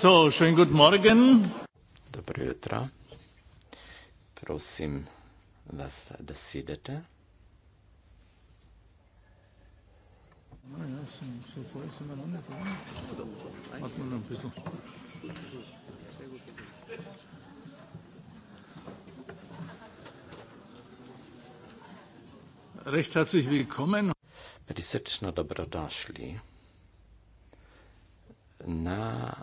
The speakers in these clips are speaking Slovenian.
So, schönen guten Morgen. Dobro jutro. Prosim, da, da sedete. Recht herzlich willkommen. Prisrčno dobrodošli na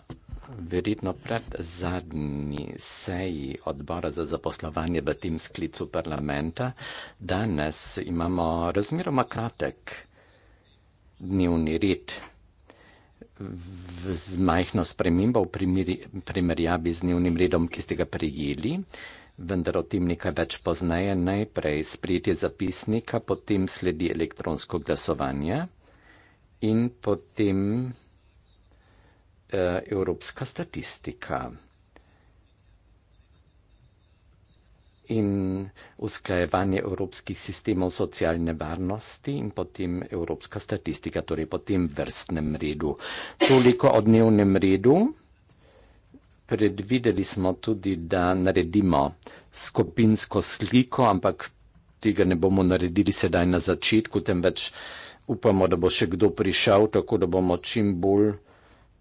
verjetno pred zadnji seji odbora za zaposlovanje v tem sklicu parlamenta, danes imamo razmeroma kratek dnevni red z majhno spremembo v primerjavi z dnevnim redom, ki ste ga prejeli. Vendar o tem nekaj več poznaje. Najprej sprejetje zapisnika, potem sledi elektronsko glasovanje in potem Eh, evropska statistika. In usklajevanje evropskih sistemov socialne varnosti, in potem evropska statistika, torej po tem vrstnem redu. Toliko o dnevnem redu. Predvideli smo tudi, da naredimo skupinsko sliko, ampak tega ne bomo naredili sedaj na začetku, temveč upamo, da bo še kdo prišel, tako da bomo čim bolj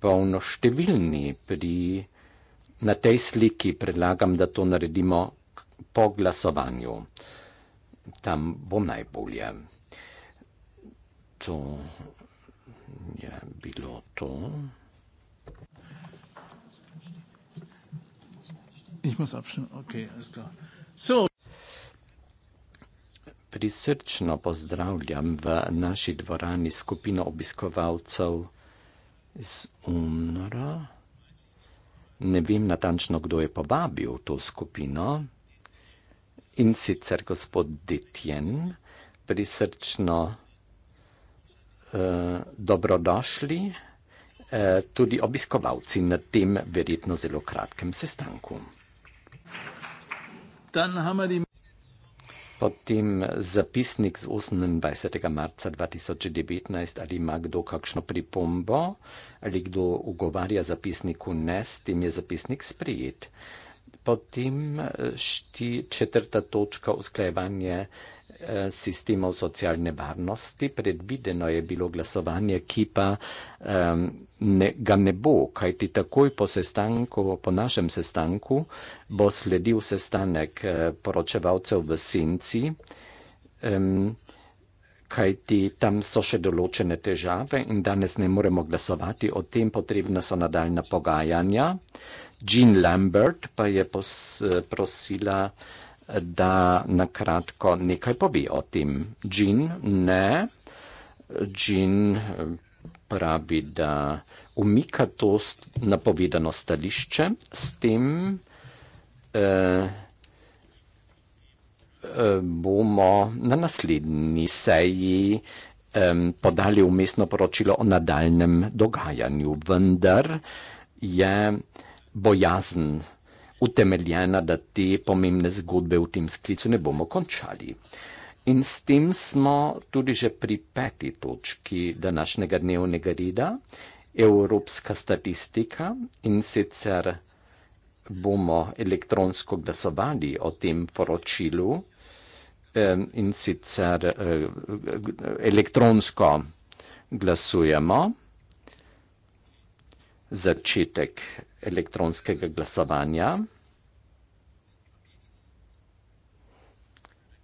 polno številni, pri, na tej sliki predlagam, da to naredimo po glasovanju. Tam bo najbolje. To je bilo to. Prisrčno pozdravljam v naši dvorani skupino obiskovalcev z Umnora. Ne vem natančno, kdo je povabil to skupino. In sicer gospod Detjen, prisrčno eh, dobrodošli eh, tudi obiskovalci na tem verjetno zelo kratkem sestanku. Dan Hamadim. Potem zapisnik z 28. marca 2019, ali ima kdo kakšno pripombo, ali kdo ugovarja zapisniku ne, s tem je zapisnik sprijet. Potem eh, šti, četrta točka usklajevanje eh, sistemov socialne varnosti. Predvideno je bilo glasovanje, ki pa eh, ne, ga ne bo, kajti takoj po, sestanku, po našem sestanku bo sledil sestanek eh, poročevalcev v Senci. Eh, kajti tam so še določene težave in danes ne moremo glasovati, o tem potrebna so nadaljna pogajanja. Jean Lambert pa je prosila, da na kratko nekaj pove o tem. Jean ne. Jean pravi, da umika to napovedano stališče s tem. Eh, bomo na naslednji seji um, podali umestno poročilo o nadaljem dogajanju, vendar je bojazen utemeljena, da te pomembne zgodbe v tem sklicu ne bomo končali. In s tem smo tudi že pri peti točki današnjega dnevnega reda, evropska statistika in sicer bomo elektronsko glasovali o tem poročilu, in sicer eh, elektronsko glasujemo. Začetek elektronskega glasovanja.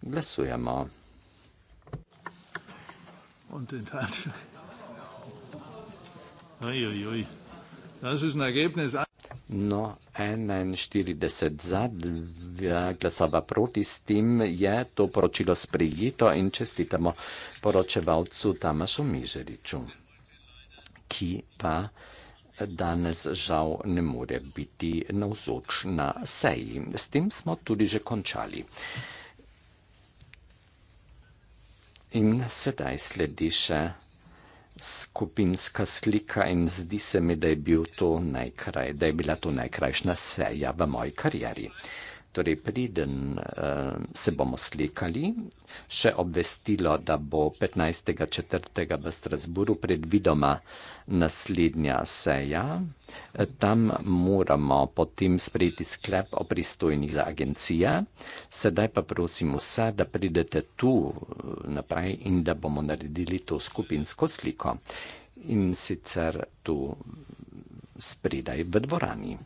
Glasujemo. Ojoj, ojoj. Das ist ein Ergebnis. No, 41 za, dve glasova proti, s tem je to poročilo sprejeto in čestitamo poročevalcu Tamašu Mižeriču, ki pa danes žal ne more biti navzoč na seji. S tem smo tudi že končali. In sedaj sledi še skupinska slika in zdi se mi, da je, bil to najkraj, da je bila to najkrajšna seja v moji karieri. Torej, priden uh, eh, se bomo slikali, še obvestilo, da bo 15.4. v Strasburu predvidoma naslednja seja. Tam moramo potem sprejeti sklep o pristojnih za agencije. Sedaj pa prosim vse, da pridete tu eh, naprej in da bomo naredili to skupinsko sliko in sicer tu spredaj v dvorani.